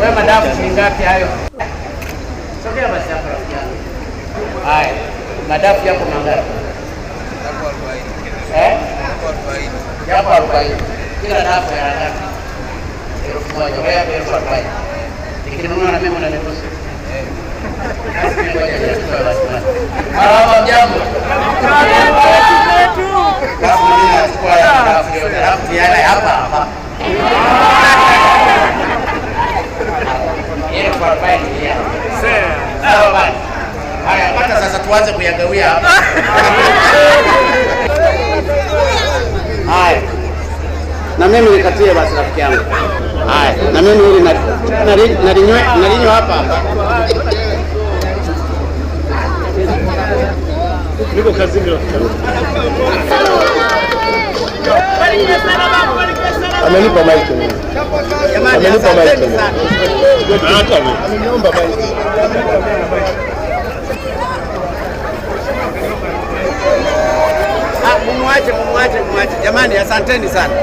Wewe madafu ni ngapi hayo? Sogea basi hapa rafiki yangu. Haya, madafu yako mangapi? Eh? Yako 40. Kila dafu ya ngapi? Elfu moja. Wewe hapo elfu arobaini. Nikinunua na mimi unaniruhusu? Eh. Basi ngoja basi. Hawa jambo. Haya, hata sasa tuanze kuyagawia Haya. Na mimi nikatie basi rafiki yangu. Haya, na mimi hili nalinywe hapa hapa. Niko kazini rafiki yangu amenipa maiki amenipa maiki ameniomba ah, mumwache mumwache mumwache jamani asanteni sana